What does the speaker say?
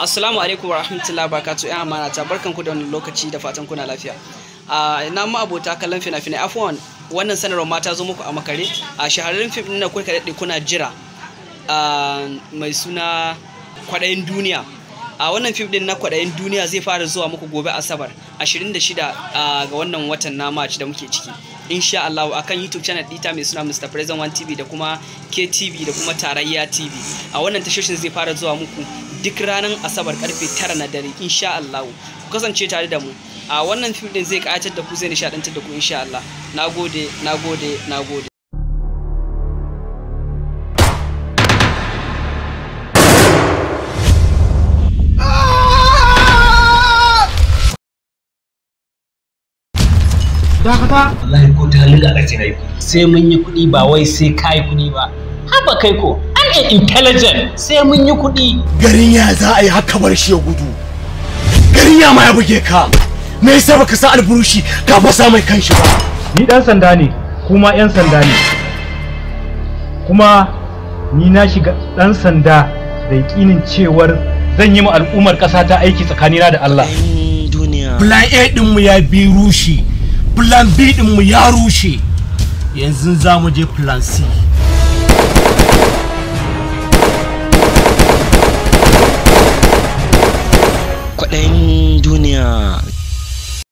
Assalamu alaikum wa rahmatullahi wa barakatuh ƴan amana ta barkanku da wannan lokaci da fatan kuna lafiya. na ma abota kallon fina-finai afwan wannan sanarwar ma ta zo muku a makare a shahararrun fim na kuka daɗe kuna jira mai suna kwaɗayin duniya a wannan fim din na kwaɗayin duniya zai fara zuwa muku gobe asabar 26 ga wannan watan na march da muke ciki insha Allah kan YouTube channel ta mai suna Mr. President One TV da kuma KTV da kuma Tarayya TV a wannan tashoshin zai fara zuwa muku duk ranar Asabar karfe 9 na dare insha Allah ku kasance tare da mu a wannan fim din zai ƙayatar da ku zai nishadantar da ku insha Allah nagode nagode nagode dakata wallahi ko ta linga a cikin sai mun yi kuɗi ba wai sai kai kuɗi ba haba kai ko an intelligent sai mun yi kuɗi garin ya za a yi haka bar shi ya gudu garin ya ma ya buge ka me yasa baka sa alburushi ka fasa mai kanshi ba ni dan sanda ne kuma yan sanda ne kuma ni na shiga dan sanda da yakinin cewar zan yi ma al'ummar ƙasa ta aiki tsakanina da Allah. Plan A ɗinmu ya bi rushi plan b mu ya rushe yanzu za mu je plan c kwaɗayin duniya